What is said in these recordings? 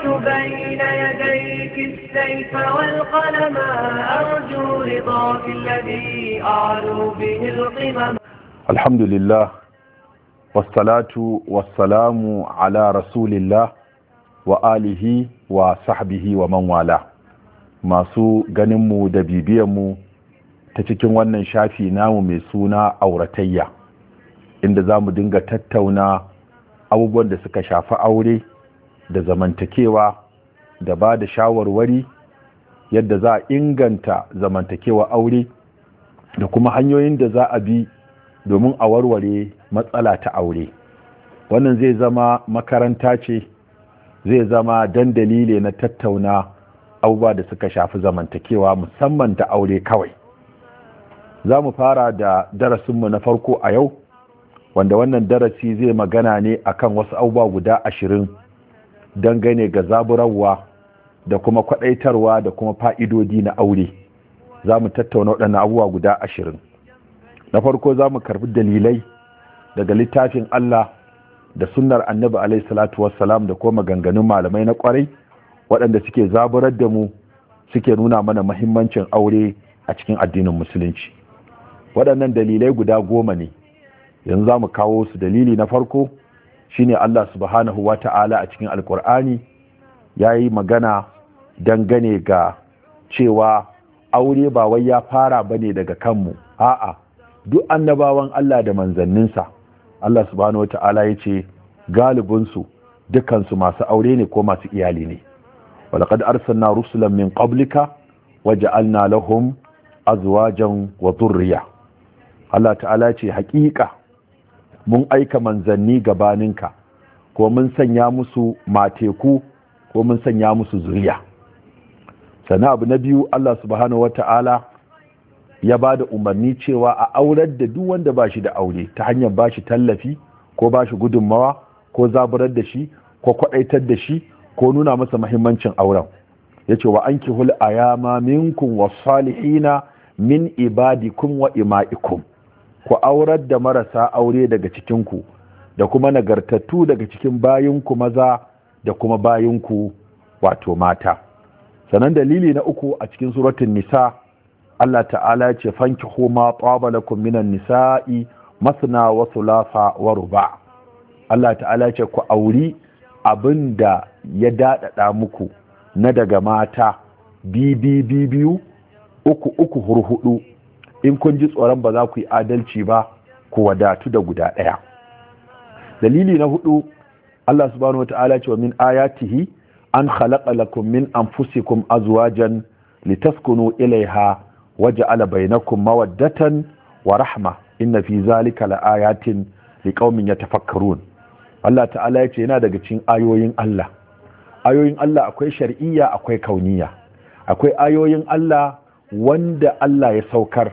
Alhamdu بين يديك السيف والقلم أرجو رضاك الذي أعلو به القمم الحمد لله والصلاة والسلام على رسول الله وآله وصحبه ومن والاه masu ganinmu da bibiyanmu ta cikin wannan shafi namu mai suna auratayya inda za mu dinga tattauna abubuwan da suka shafi aure da zamantakewa da ba da shawarwari yadda za a inganta zamantakewa aure da kuma hanyoyin da za a bi domin a warware matsala ta aure wannan zai zama makaranta ce zai zama dandali ne na tattauna abubuwa da suka shafi zamantakewa musamman da aure kawai za mu fara da darasinmu na farko a yau wanda wannan darasi zai magana ne akan wasu abubuwa guda ashirin dangane ga zaburarwa da kuma kwadaitarwa da kuma fa'idodi na aure za mu tattauna waɗannan abubuwa guda ashirin na farko za mu karbi dalilai daga littafin Allah da sunnar annabi alaihi salatu wassalam da kuma maganganun malamai na kwarai waɗanda suke zaburar da mu suke nuna mana mahimmancin aure a cikin addinin musulunci waɗannan dalilai guda goma ne yanzu za mu kawo su dalili na farko shine Allah subhanahu wa ta'ala a cikin alkur'ani ya yi magana dangane ga cewa aure ba wai ya fara ba ne daga kanmu a'a duk annabawan Allah da manzanninsa Allah subhanahu wata'ala ya ce galibinsu dukansu masu aure ne ko masu iyali ne walaqad arsalna rusulan min qablika waja'alna lahum azwajan wa Allah ta'ala ce haƙiƙa mun aika manzanni gabaninka ko mun sanya musu mateku ko mun sanya musu zuriya sana abu na biyu Allah subhanahu wata'ala ya ba da umarni cewa a aurar da duk wanda ba shi da aure ta hanyar ba shi tallafi ko ba shi gudunmawa ko zaburar da shi ko kwaɗaitar da shi ko nuna masa mahimmancin auren ya ce wa an kihul ayama minkum wa salihina min ibadikum wa ima'ikum ku aurar da marasa aure daga cikinku da kuma nagartattu daga cikin bayinku maza da kuma bayinku wato mata sanan dalili na uku a cikin suratun nisa Allah ta'ala ce fanki homa tsabalakum minan nisa'i masna wa sulasa wa ruba Allah ta'ala ce ku auri abin da ya daɗaɗa muku na daga mata biyu uku uku hurhudu in kun ji tsoron ba za ku yi adalci ba ku wadatu da guda ɗaya dalili na hudu Allah subhanahu wata'ala cewa min ayatihi an khalaqa lakum min anfusikum azwajan litaskunu ilaiha waja'ala bainakum mawaddatan wa rahma inna fi zalika laayatin liqaumin yatafakkarun Allah ta'ala ya ce yana daga cikin ayoyin Allah ayoyin Allah akwai shar'iyya akwai kauniya akwai ayoyin Allah wanda Allah ya saukar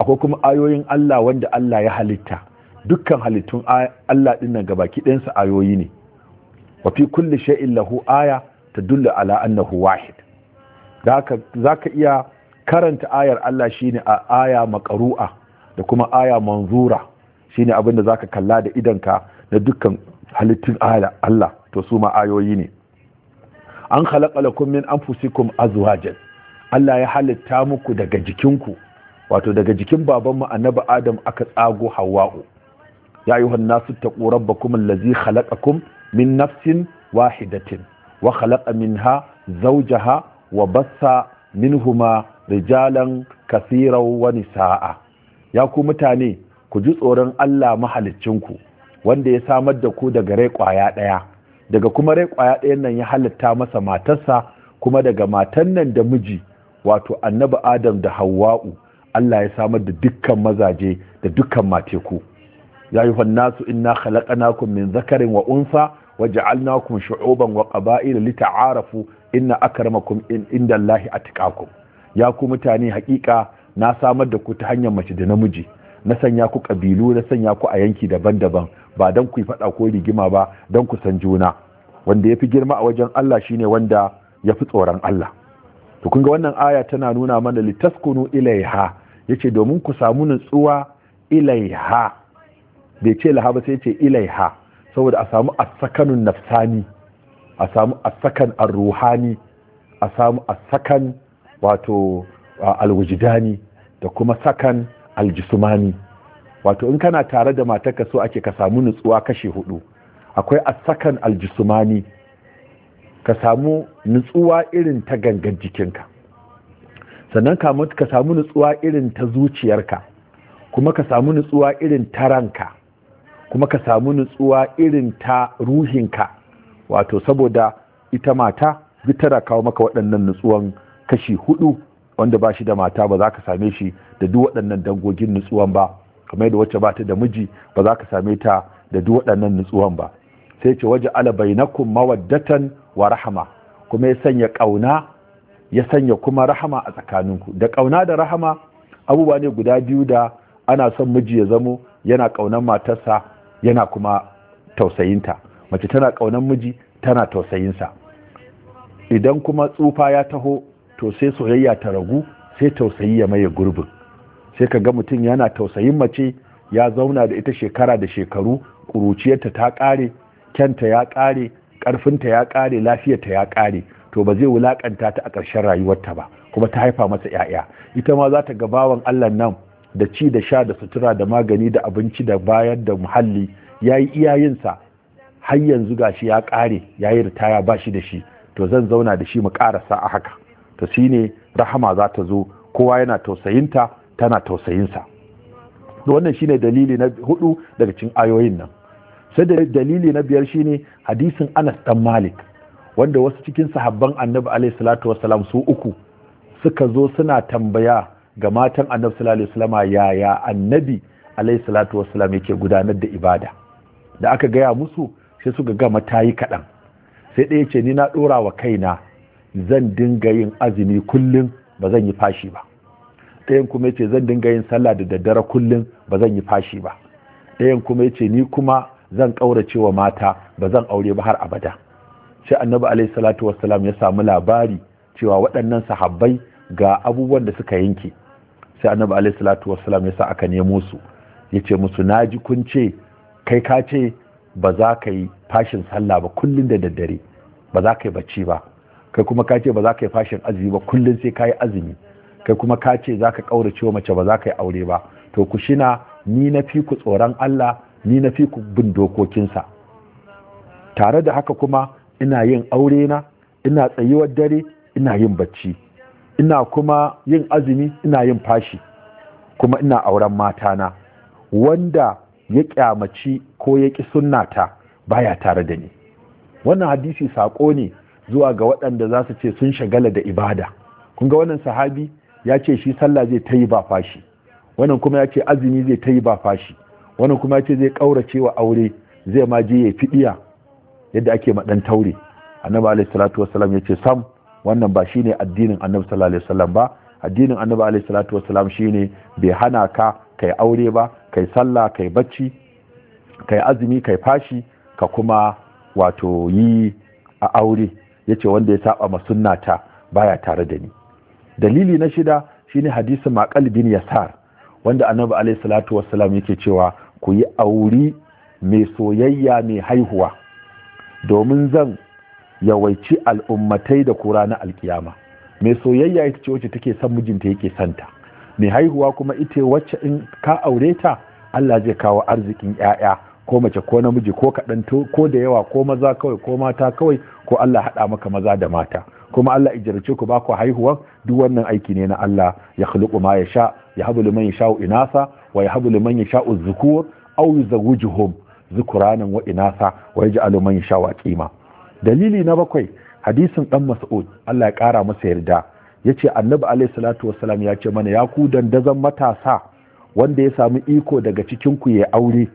akwai kuma ayoyin Allah wanda Allah ya halitta dukkan halittun Allah din nan gabaki ɗayansa ayoyi ne wa fi kulli shay'in lahu aya tadullu ala annahu wahid zaka zaka iya karanta ayar Allah shine a aya maqru'a da kuma aya manzura shine abin da zaka kalla da idanka na dukkan halittun Allah to su ma ayoyi ne an khalaqa lakum min anfusikum azwajan Allah ya halitta muku daga jikinku wato daga jikin babanmu annabi adam aka tsago hawa'u ya yi hannu su ƙorar bakumin lazi halakakun min nafsin wahidatin wa ha, minha zaujaha wa bassa minhuma rijalan kasirar, wani sa'a. ya ku mutane ku ji tsoron Allah mahalicinku wanda ya samar da ku daga rai kwaya ɗaya daga kuma rai kwaya ɗayan nan ya halitta masa matarsa kuma daga matan nan da miji wato annabi adam da hawa'u Allah ya samar da dukkan mazaje da dukkan mateku ya yi nasu inna khalaqnakum min zakarin wa unsa wa ja'alnakum shu'uban wa qaba'ila ta'arafu inna akramakum inda Allah atqakum ya ku mutane hakika na samar da ku ta hanyar mace da namiji na sanya ku kabilu na sanya ku a yanki daban-daban ba dan ku yi faɗa ko rigima ba dan ku san juna wanda ya fi girma a wajen Allah shine wanda ya fi tsoron Allah to kun ga wannan aya tana nuna mana litaskunu ilaiha yace domin ku samu nutsuwa ilaiha bai ce laha ba sai ce ilaiha saboda a samu asakanun nafsani a samu asakan arruhani a samu asakan wato alwujidani da kuma sakan aljisumani wato in kana tare da matarka so ake ka samu nutsuwa kashe hudu akwai asakan aljisumani ka samu nutsuwa irin ta gangan jikinka sannan ka samu nutsuwa irin ta zuciyarka kuma ka samu nutsuwa irin ta ranka kuma ka samu nutsuwa irin ta ruhinka wato saboda ita mata tana kawo maka waɗannan nutsuwan kashi hudu wanda ba shi da mata ba za ka same shi da duk waɗannan dangogin nutsuwan ba kamar da wacce ba ta da miji ba za ka same ta da duk waɗannan nutsuwan ba sai ce waje ala bainakum mawaddatan wa rahama kuma ya sanya ƙauna ya sanya kuma rahama a tsakaninku da ƙauna da rahama abubuwa ne guda biyu da ana son miji ya zamo yana ƙaunar matarsa yana kuma tausayinta mace tana ƙaunar miji tana tausayinsa idan kuma tsufa ya taho to sai soyayya ta ragu sai tausayi ya maye gurbin sai ka ga mutum yana tausayin mace ya zauna da ita shekara da shekaru ƙuruciyarta ta ƙare kyanta ya ƙare ƙarfinta ya ƙare lafiyarta ya ƙare to ba zai wulaƙanta ta a ƙarshen rayuwarta ba kuma ta haifa masa 'ya'ya ita ma za ta ga bawan allah nan da ci da sha da sutura da magani da abinci da bayar da muhalli ya yi iyayensa har yanzu gashi ya ƙare ya yi ritaya ba shi da shi to zan zauna da shi mu ƙarasa a haka to shi ne rahama za ta zo kowa yana tausayinta tana tausayinsa wannan shine dalili na hudu daga cikin ayoyin nan sai da dalili na biyar shine hadisin Anas dan Malik wanda wasu cikin sahabban Annabi alaihi salatu wassalam su uku suka zo suna tambaya ga matan Annabi sallallahu alaihi wasallam yaya Annabi alaihi salatu wassalam yake gudanar da ibada da aka gaya musu sai suka ga matayi kaɗan sai ɗaya ce ni na ɗora wa kaina zan dinga yin azumi kullum ba zan yi fashi ba ɗayan kuma ya zan dinga yin sallah da daddare kullum ba zan yi fashi ba ɗayan kuma ya ni kuma zan ƙaurace wa mata ba zan aure ba har abada sai annabi alaihi salatu wassalam ya samu labari cewa waɗannan sahabbai ga abubuwan da suka yanke sai annabi alaihi salatu wassalam ya sa aka nemo su Yace ce musu naji kun ce kai ka ce ba za ka yi fashin sallah ba kullum da daddare ba za ka yi bacci ba kai kuma ka ce ba za ka yi fashin azumi ba kullum sai ka yi azumi kai kuma ka ce za ka ƙaurace wa mace ba za ka yi aure ba to ku shina ni na fi ku tsoron Allah ni na fi bin dokokinsa tare da haka kuma ina yin aure na ina tsayuwar dare ina yin bacci ina kuma yin azumi ina yin fashi kuma ina auren mata na. wanda ya kyamaci ko ya ƙi sunnata baya tare da ni wannan hadisi saƙo ne zuwa ga waɗanda za su ce sun shagala da ibada kun ga wannan sahabi ya ce shi sallah zai ta yi ba fashi wannan kuma ya ce azumi zai ta yi ba fashi wani kuma ce zai ƙaurace wa aure zai ma je ya fidiya yadda ake ma ɗan taure annabi alaihi salatu ya ce, sam wannan ba shine addinin annabi sallallahu alaihi wasallam ba addinin annabi alaihi salatu shi shine bai hana ka kai aure ba kai sallah kai bacci kai azumi kai fashi ka kuma wato yi a aure yace wanda ya saba ma sunnata baya tare da ni dalili na shida shine hadisin maqal bin yasar wanda annabi alaihi salatu wasalam yake cewa ku yi auri mai soyayya mai haihuwa domin zan yawaici al'ummatai da kura na alkiyama mai soyayya ita ce wacce take son mijinta yake santa mai haihuwa kuma ita wacce in ka aure ta Allah zai kawo arzikin 'ya'ya ko mace ko namiji ko kaɗan ko da yawa ko maza kawai ko mata kawai ko Allah haɗa maka maza da mata kuma Allah ijarce ku ba ku haihuwa duk wannan aiki ne na Allah ya khuluqu ma sha, ya habu liman yasha inasa wa ya habu liman ya az-zukur aw yuzawwijuhum zukuranan wa inasa wa yaj'alu man yasha qima dalili na bakwai hadisin dan mas'ud Allah ya kara masa yarda yace annabi alaihi salatu wassalam ya ce mana ya ku dazan matasa wanda ya samu iko daga cikin ku ya aure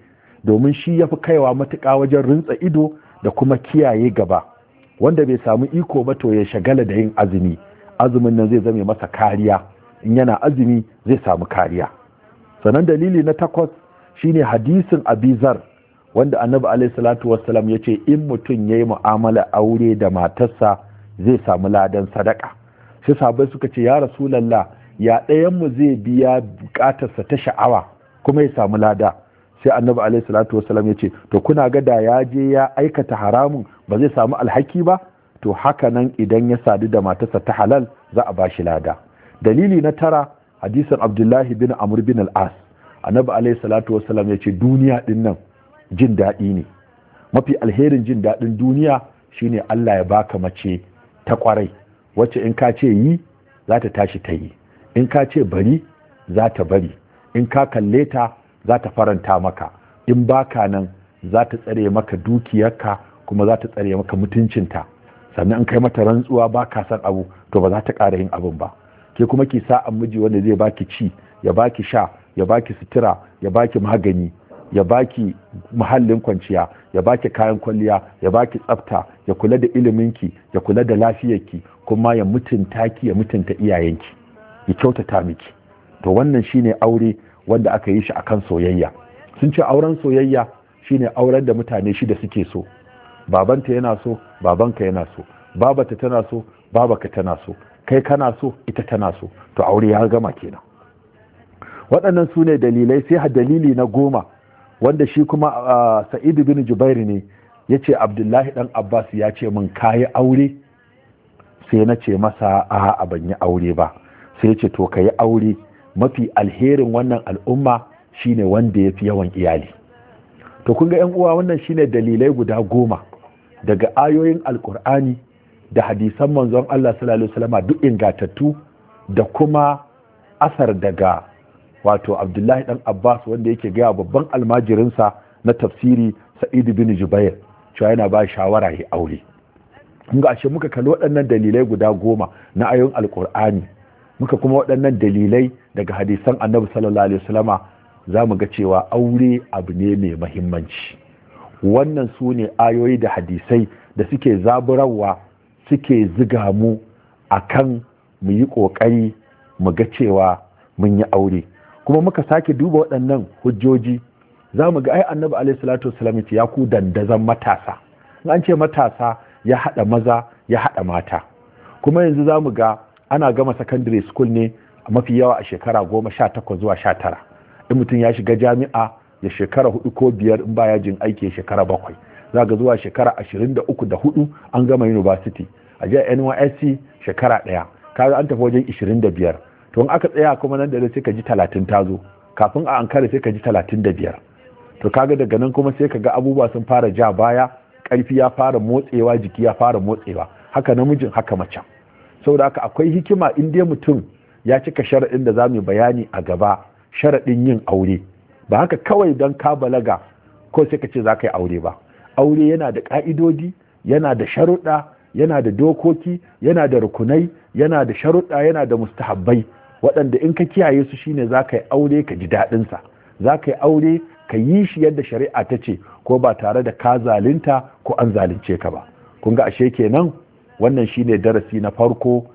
domin shi yafi kaiwa matuƙa wajen rintsa ido da kuma kiyaye gaba wanda bai samu iko ba to ya shagala da yin azumi azumin nan zai zame masa kariya in yana azumi zai samu kariya sannan dalili na takwas shine hadisin abizar wanda annabi alaihi salatu wassalam ya ce in mutum ya yi mu'amala aure da matarsa zai samu ladan sadaka shi sabai suka ce ya rasulallah ya mu zai biya bukatarsa ta sha'awa kuma ya samu lada sai annabi alaihi salatu ya yace to kuna ga da ya je ya aikata haramun ba zai samu alhaki ba to haka nan idan ya sadu da matarsa ta halal za a bashi lada dalili na tara hadisan abdullahi bin amr bin al-as annabi alaihi salatu ya yace duniya din nan jin daɗi ne mafi alherin jin daɗin duniya shine Allah ya baka mace ta kwarai wacce in ka ce yi za ta tashi ta yi in ka ce bari za ta bari in ka kalle ta za ta faranta maka in baka nan za ta tsare maka dukiyarka kuma za ta tsare maka mutuncinta sannan in kai mata rantsuwa ba ka san abu to ba za ta ƙara yin abin ba ke kuma ki sa an miji wanda zai baki ci ya baki sha ya baki sutura ya baki magani ya baki muhallin kwanciya ya baki kayan kwalliya ya baki tsafta ya kula da iliminki ya kula da lafiyarki kuma ya mutunta ki ya mutunta iyayenki ya kyautata miki to wannan shine aure wanda aka yi shi a kan soyayya sun ce auren soyayya shine auren da mutane shida suke so babanta yana so babanka yana so babata tana so babaka tana so kai kana so ita tana so to aure ya gama kenan waɗannan su ne dalilai sai dalili na goma wanda shi kuma sa'idu bin jubairu ne ya ce abdullahi ɗan abbas ya ce min kayi aure sai na ce masa a ban yi aure ba sai ya ce to ka yi aure mafi alherin wannan al'umma shine wanda ya fi yawan iyali to kun ga 'yan uwa wannan shine dalilai guda goma daga ayoyin alkur'ani da hadisan manzon Allah sallallahu alaihi duk ingatattu da kuma asar daga wato Abdullahi ɗan Abbas wanda yake gaya babban almajirinsa na tafsiri Sa'id bin Jubair cewa yana ba shawara ya aure kun ga ashe muka kalli waɗannan dalilai guda goma na ayoyin alkur'ani muka kuma waɗannan dalilai daga hadisan annabi sallallahu alaihi wasallama za mu ga cewa aure abu ne mai mahimmanci wannan su ne ayoyi da hadisai da suke zaburarwa suke ziga mu a kan mu yi ƙoƙari mu ga cewa mun yi aure kuma muka sake duba waɗannan hujjoji za mu ga ai annabi alaihi salatu wasallam ya ku dandazan matasa in an ce matasa ya haɗa maza ya haɗa mata kuma yanzu za mu ga ana gama secondary school ne mafi yawa a shekara goma sha takwas zuwa sha tara in mutum ya shiga jami'a ya shekara hudu ko biyar in baya jin aiki ya shekara bakwai za ga zuwa shekara ashirin da uku da hudu an gama university a jiya nysc shekara daya kaga an tafi wajen ishirin da biyar to in aka tsaya kuma nan da sai ka ji talatin ta zo kafin a ankara sai ka ji talatin da biyar to kaga daga nan kuma sai ka ga abubuwa sun fara ja baya ƙarfi ya fara motsewa jiki ya fara motsewa haka namijin haka macen saboda haka akwai hikima in dai mutum ya cika sharaɗin da za mu bayani a gaba sharaɗin yin aure ba haka kawai don ka balaga ko sai ka ce za ka yi aure ba aure yana da ƙa'idodi yana da sharuɗa yana da dokoki yana da rukunai yana da sharuɗa yana da mustahabbai waɗanda in ka kiyaye su shine za ka yi aure ka ji daɗinsa za ka yi aure ka yi shi yadda shari'a ta ce ko ba tare da ka zalunta ko an zalunce ka ba kun ga ashe kenan wannan shine darasi na farko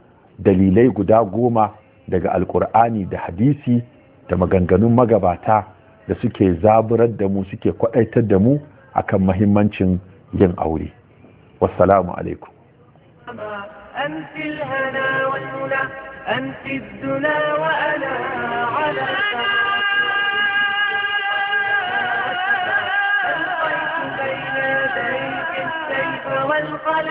dalilai guda goma daga alkur'ani da hadisi da maganganun magabata da suke zaburar da mu suke kwadaitar da mu akan mahimmancin yin aure wassalamu alaikum